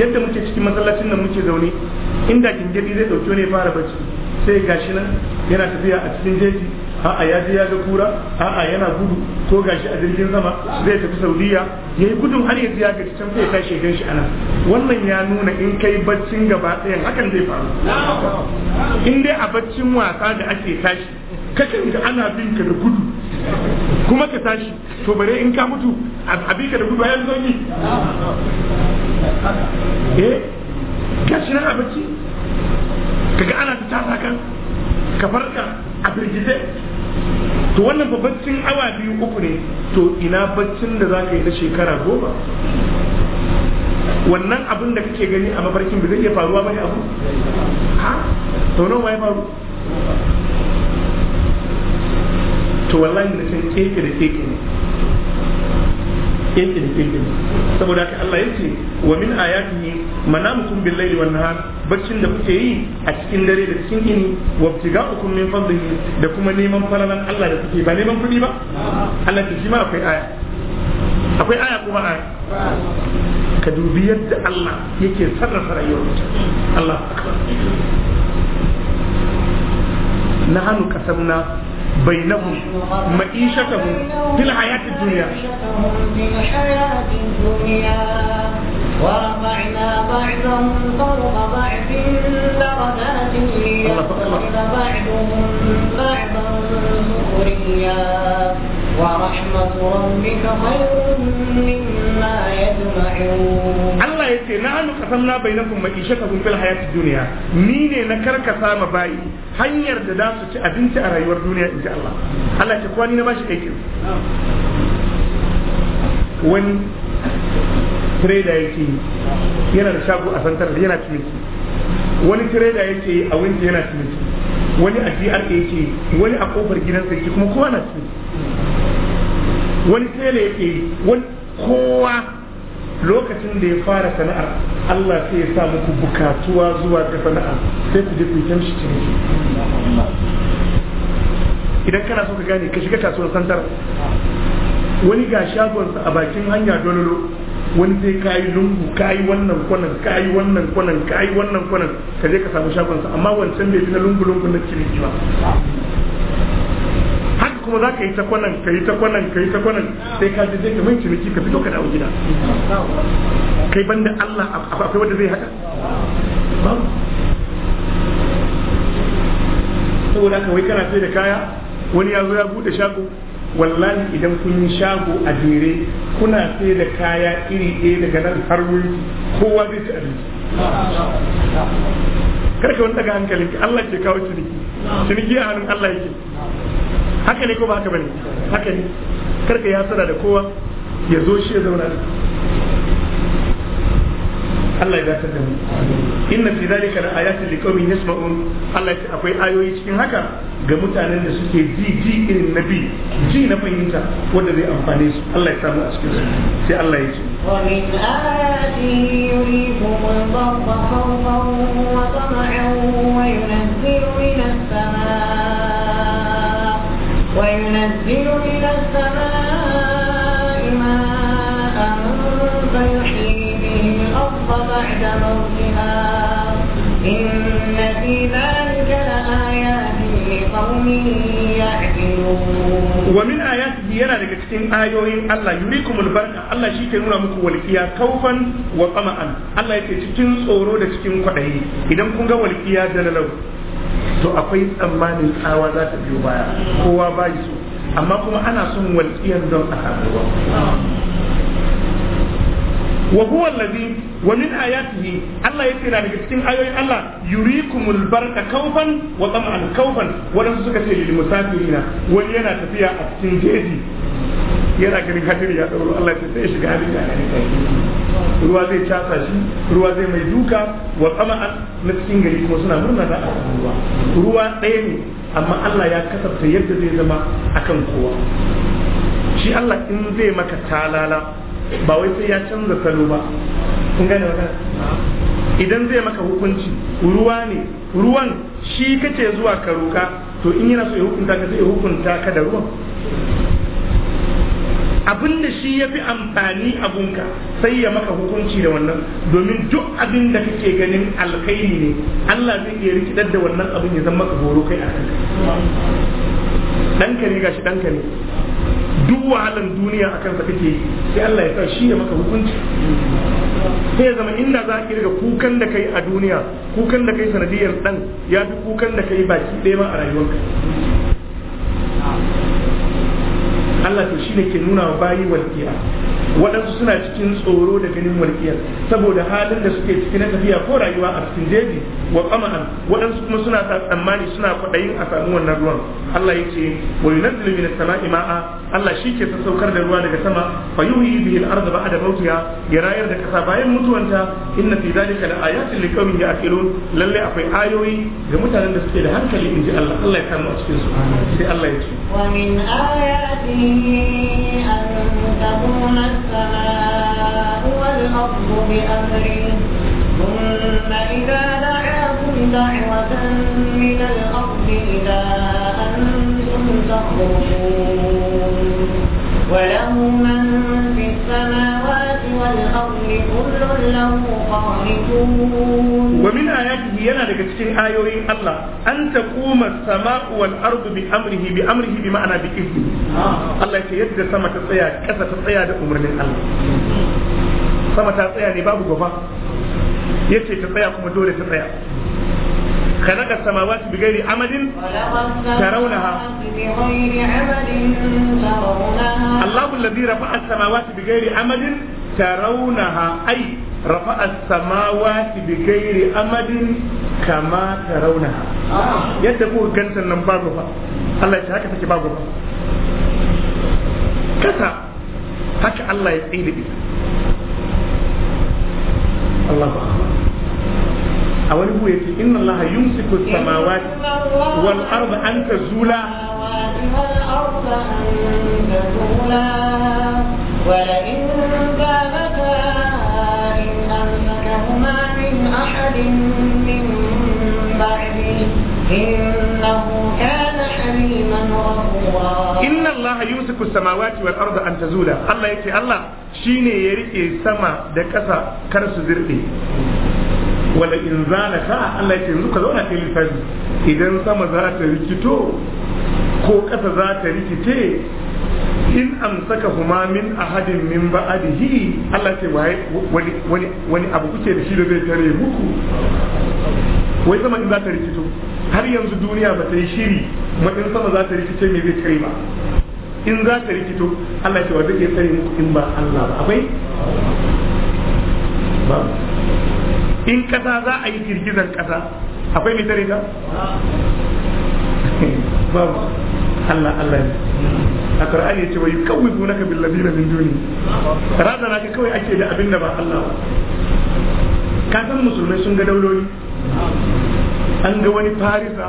yadda muke cikin masallacin da muke zaune inda gingiri zai dauke ne fara bacci sai gashi nan yana tafiya a cikin jeji a'a ya ya ga kura a'a yana gudu ko gashi a jirgin sama zai tafi saudiya yi gudun har ya ya gaci can sai ya tashi gan shi ana wannan ya nuna in kai baccin gaba ɗayan hakan zai faru in dai a baccin wasa da ake tashi kakan ga ana bin ka da gudu kuma ka tashi to bare in ka mutu abika da gudu zo ni. eh shi nan a bacci ga ana ta tasa kan ka farka a firgize to wannan fa baccin awa biyu uku ne to ina baccin da za ka yi na shekara goma wannan abin da kake gani a mafarkin ba zai iya faruwa bane abu ha to nawa ya faru to wallahi na can keke da keke ne keke da keke ne saboda haka Allah ya ce wa min ayatihi manamukum bil laili wan nahar baccin da kuke yi a cikin dare da cikin yini wa ibtiga'ukum min fadlihi da kuma neman falalan Allah da kuke ba neman kudi ba Allah ta ji ma akwai aya akwai aya kuma aya ka dubi yadda Allah yake sarrafa rayuwar mutum Allah na hannu kasar na. بينهم معيشتهم في الحياة الدنيا ورفعنا بعضهم فوق بعض درجات ليأخذ بعضهم بعضا سخريا ورحمة ربك خير مما يجمعون Allah ya ce na hannu kasamna bai na kuma ishe ka kun fil hayati duniya ni ne na karkasa ma bayi hanyar da za su ci abinci a rayuwar duniya in ji Allah Allah ce kuwa ni na shi aikin wani trader yake yana da shago a santar yana ciniki wani trader ya ce a winta yana ciniki wani a DRA ce wani a kofar gidansa yake kuma kowa na ciniki wani tsere ya wani kowa lokacin da ya fara sana'ar Allah sai ya sa muku bukatuwa zuwa ga sana'a sai ku je ku yi shi ciniki idan kana so ka gane ka shiga kasuwar santar wani ga shagonsa a bakin hanya dololo wani sai ka lungu ka yi wannan kwanan ka yi wannan kwanan ka wannan kwanan ka je ka samu shagonsa amma wancan bai fi na lungu lungu na ciniki ba kuma za ka yi ta kwanan ka yi ta kwanan ka yi ta kwanan sai ka je ka mai ciniki ka fito ka dawo gida kai banda Allah akwai wanda zai haka saboda kawai wai kana sai da kaya wani ya zo ya bude shago wallahi idan kun yi shago a jere kuna sai da kaya iri ɗaya daga nan har wuri kowa zai ci abinci karka wani daga hankalin Allah ke kawo ciniki ciniki a hannun Allah yake haka ne ko ba haka bane haka ne karka ya sana da kowa ya zo shi ya zauna Allah ya dace da mu inna fi zalika la ayatin liqaumin yasma'un Allah ya akwai ayoyi cikin haka ga mutanen da suke ji ji irin nabi ji na fahimta wanda zai amfane su Allah ya samu a cikin su sai Allah ya ce wa min ayatihi yuriikum al-barqa khawfan wa tama'an wa yunazzilu minas samaa'i وينزل من السماء ماء فيحيي به الأرض بعد موتها إن في ذلك لآيات لقوم يعقلون ومن آياته yana daga cikin ayoyin Allah yurikumul barka Allah shi ke nuna muku walƙiya kaufan wa Allah yake cikin tsoro da cikin kwaɗayi idan kun ga walƙiya da lalau to akwai tsammanin tsawa za ta biyo baya kowa ba so amma kuma ana son walƙiyar don a samu ruwa wa huwa allazi wa min ayatihi Allah yake na daga cikin ayoyin Allah yurikumul barka kaufan wa tam'an kaufan wadanda suka ce lil musafirina wani yana tafiya a cikin jeji yana ganin hadiri ya ɗauro Allah ce sai ya shiga hadiri ruwa zai casa shi ruwa zai mai duka wa kama na cikin gari kuma suna murna da a ruwa ruwa ɗaya ne amma Allah ya kasafta yadda zai zama akan kowa shi Allah in zai maka talala ba wai sai ya canza salo ba kun gane wannan idan zai maka hukunci ruwa ne ruwan shi kace zuwa ka roka to in yana so ya hukunta ka zai hukunta ka da ruwan abin da shi ya fi amfani abunka sai ya maka hukunci da wannan domin duk abin da kake ganin alkhairi ne Allah zai iya rikidar da wannan abin ya zama maka horo kai a kan danka ne gashi danka ne duk wahalan duniya akan sa kake sai Allah ya sa shi ya maka hukunci sai ya zama inda za ka riga kukan da kai a duniya kukan da kai sanadiyar dan ya fi kukan da kai baki ɗaya ma a rayuwarka Allah to shine ke nuna wa bayi walƙiya waɗansu suna cikin tsoro da ganin walƙiyar saboda halin da suke ciki na tafiya ko rayuwa a cikin jeji wa qama'an waɗansu kuma suna sa tsammani suna kwaɗayin a samu wannan ruwan Allah ya ce wa yunzilu minas sama'i ma'a Allah shi ke sassaukar da ruwa daga sama fa yuhyi bihi al-ardha ba'da mawtiha ya rayar da kasa bayan mutuwanta inna fi zalika la a liqawmin ya'qilun lalle akwai ayoyi ga mutanen da suke da hankali inji Allah Allah ya kama a cikin su sai Allah ya ce wa min ayatin أن تقوم السماء والأرض بأمره ثم إذا دعاكم دعوة من الأرض إذا أنتم تخرجون وله ما wa min ayatihi yana daga cikin ayoyin Allah an taquma as-sama'u wal ardu bi amrihi bi amrihi bi ma'ana bi izni Allah ce yadda sama ta tsaya kasa ta tsaya da sama ta ta kuma dole ta خلق السماوات بغير عمد ترونها الله الذي رفع السماوات بغير عمد tarawunaha ai rafa as-samawati bi ghairi amadin kama tarawunaha yadda kuka ganta nan babu ba Allah ya haka take babu ba kasa haka Allah ya tsaye ita Allah a wani والأرض أن تزولا ولئن ذابتا إن أمسكهما من أحد من بعده إنه كان حليما غفورا إن الله يمسك السماوات والأرض أن تزولا الله يتي الله شيني يريكي سما دكسا كرس زرقي wala in zalata Allah yake yanzu ka zauna kai lissafi idan sama za ta rikito ko ƙasa za ta in amsaka huma min ahadin min ba'dihi Allah ce wai wani wani wani abu kuke da shi da zai tare muku wai sama in za ta rikito har yanzu duniya ba ta yi shiri ma in sama za ta rikice me zai tare ba in za ta rikito Allah ce wa zai tare muku in ba Allah ba akwai ba in kasa za a yi girgizar kasa akwai mai tare ka Ba Allah Allah ne a qur'ani yace wa yukawwidunaka bil ladina min duni na ka kawai ake da abin da ba Allah ba ka san musulmai sun ga dauloli an ga wani farisa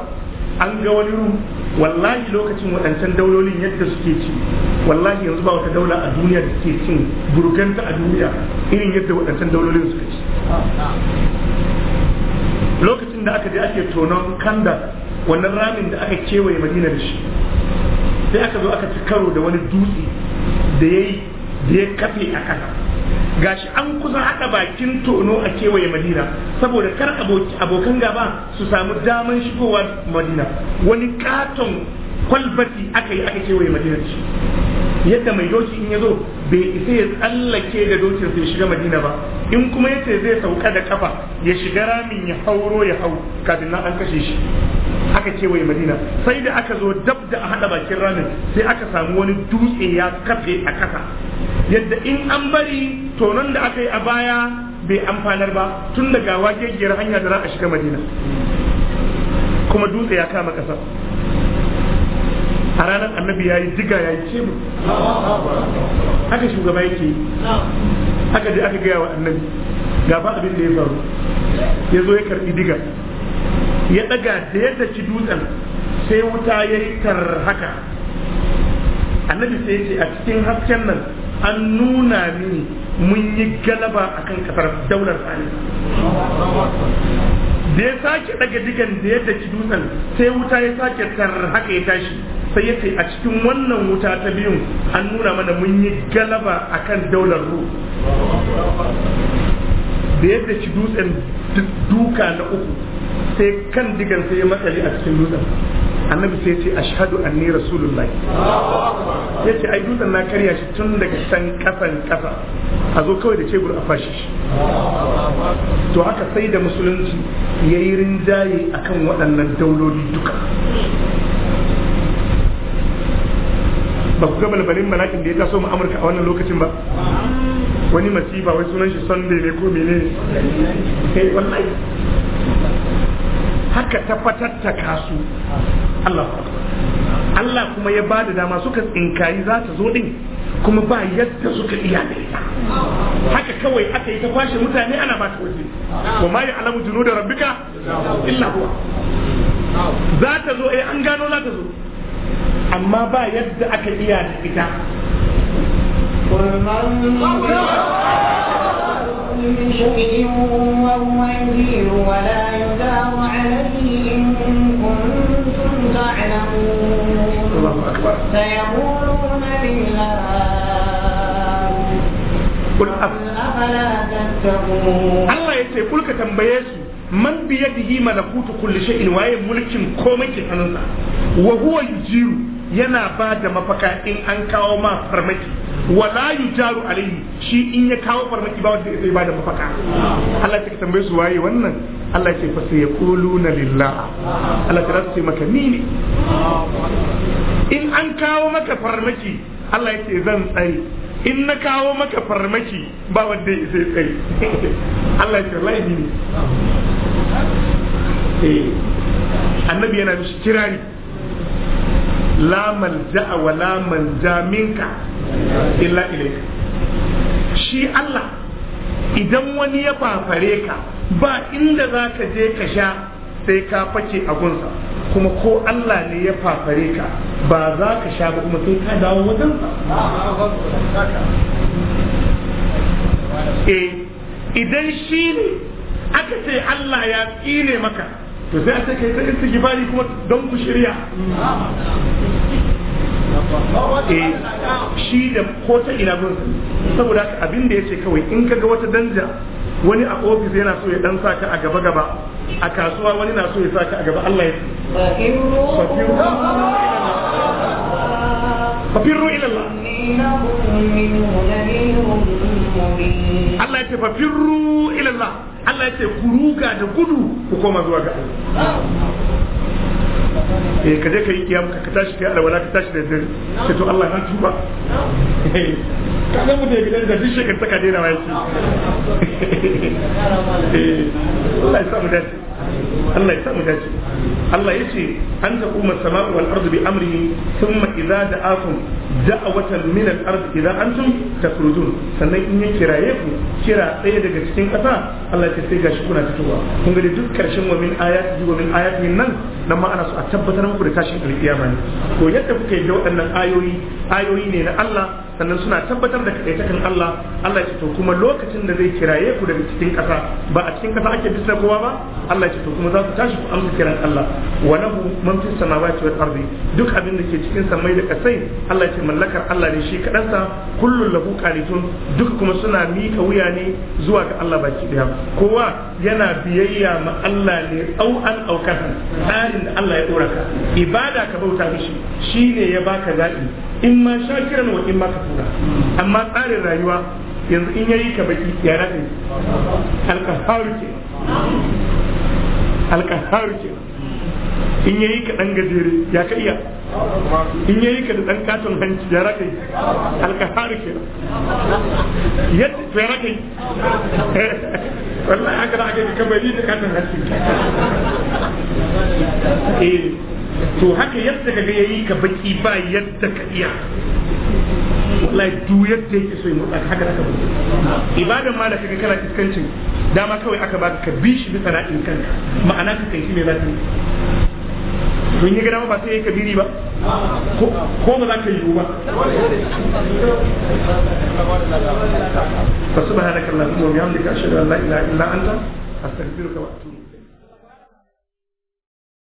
an ga wani rum wallahi lokacin waɗancan daulolin yadda suke ci wallahi yanzu ba wata daula a duniya da suke cin burganta a duniya irin yadda waɗancan daulolin suka ci lokacin da aka je ake tonon kanda wannan ramin da aka kewaye madina da shi sai aka zo aka ci karo da wani dutse da yayi da ya kafe a kasa gashi an kusa haɗa bakin tono a kewaye madina saboda kar abokan gaba su samu daman shigowa madina wani katon kwalbati aka yi aka kewaye madina shi yadda mai doki in ya zo bai isa ya tsallake da dokin sai shiga madina ba in kuma yace zai sauka da kafa ya shiga ramin ya hauro ya hau kafin nan an kashe shi aka ce wai madina sai da aka zo dab da a hada bakin ramin sai aka samu wani dutse ya kafe a kasa yadda in an bari tonon da aka yi a baya bai amfanar ba tun daga wagegiyar hanya da za a shiga madina kuma dutse ya kama kasa a ranar annabi ya yi diga ya yi ce mu haka shugaba yake haka da aka gaya wa annabi ga ba abin da ya faru ya zo ya karbi diga ya daga da ya daki dutsen sai wuta ya yi tar haka annabi sai ce a cikin hasken nan an nuna mini mun yi galaba kan kafar daular sani da ya sake daga digan da ya daki dutsen sai wuta ya sake tar haka ya tashi sai ya ce a cikin wannan wuta ta biyun an nuna mana mun yi galaba kan daular ru da ya daki dutsen duka na uku sai kan digan sai ya matsali a cikin dutsen annabi sai ce ashhadu anni rasulullahi ya ce ai dutsen na karya shi tun daga can kasan kasa a zo kawai da cebur a fashe. shi to haka sai da musulunci ya yi rinjaye akan waɗannan dauloli duka ba ku ga balbalin malakin da ya taso mu amurka a wannan lokacin ba wani masifa wai sunan shi sunday ne ko menene ne. Eh, haka tabbatar ta kasu. Allah Allah kuma ya ba da dama suka tsinkari za ta zo din kuma ba yadda suka iya da ita haka kawai aka yi ta kwashe mutane ana ba ta waje wa ma ya alamu junu da rabbika illa huwa za ta zo eh an gano za ta zo amma ba yadda aka iya da ita من شيء وهو يدير ولا يدار عليه allah ya لله قل أفلا تتقون الله يسير قل كتنبيسوا man kutu malakutu kulli waye mulkin komai ke hannunsa wa huwa yana ba da mafaka in an kawo ma farmaki wala yujaru alaihi shi in ya kawo farmaki ba wanda zai bada mafaka Allah ya tambaye su waye wannan Allah ya ce fa sai yaquluna lillah Allah ya ce maka ni ne in an kawo maka farmaki Allah ya ce zan tsare in na kawo maka farmaki ba wanda ya sai tsare Allah ya ce wallahi ni ne eh, annabi yana mishi kirari la malja'a wa la manja illa ilayka shi Allah idan wani ya fafare ka ba inda za ka je ka sha sai ka fake a gunsa kuma ko Allah ne ya fafare ka ba za ka sha ba kuma sai ka dawo wajensa eh idan shi ne aka ce Allah ya tsine maka to sai a ce kai ta istighfari kuma don ku shirya eh shi da ko ta ina gun saboda abin da yace kawai in kaga wata danja wani a ofis yana so ya dan saka a gaba gaba a kasuwa wani na so ya saka a gaba Allah ya ce. fafirru ila Allah Allah ya ce fafirru ila Allah Allah ya ce ku ruga da gudu ku koma zuwa ga Allah eh ka je ka yi kiyam ka tashi kai alwala ka tashi da dare ka to Allah ya tuba ka ga mutum gidan da duk shekar saka daina wa yake eh Allah ya sa mu dace Allah ya samu dace Allah ya ce an taquma sama'u wal ardu bi amrihi thumma idza da'akum da'awatan min al an idza antum takhrujun sannan in ya kiraye ku kira ɗaya daga cikin ƙasa Allah ya sai gashi kuna fitowa kun ga duk karshen wa min ayati wa min ayati nan nan ma ana so a tabbatar muku da tashin alƙiyama ne to yadda kuka yi da waɗannan ayoyi ayoyi ne na Allah sannan suna tabbatar da kaɗaitakan Allah Allah ya to kuma lokacin da zai kiraye ku daga cikin ƙasa ba a cikin ƙasa ake bisa kowa ba Allah ya to kuma za su tashi ku amsa kiran Allah wa lahu man fi samawati wal ardi duk abin da ke cikin samai da ƙasai Allah ya mallakar Allah ne shi sa kullun lahu qanitun duk kuma suna mika wuya ne zuwa ga Allah baki daya kowa yana biyayya ma Allah ne au an aukatan tsarin da Allah ya dora ka ibada ka bauta mishi shine ya baka zaɓi in ma shakiran wa in ma kafura amma tsarin rayuwa yanzu in yayi ka baki ya rabe alkaharu ke alkaharu ke in yayi ka dan gajere ya ka iya in yayi ka da dan katon hanci ya rabe yi alkaharu ke yadda ya raka yi wallahi haka da aka yi kabari da katon hanci eh to haka yadda ka kaga yayi ka baki ba yadda ka iya wallahi du yadda yake so yi motsa haka aka bari ibadan ma da kaga kana iskancin dama kawai aka baka ka bi shi bisa na'in kanka ma'ana ka kai shi ne zaka don yi gada ba sai yayi kabiri ba ko ba za ka yi ba fa subhanaka allahumma wa bihamdika ashhadu an la ilaha illa anta astaghfiruka wa atubu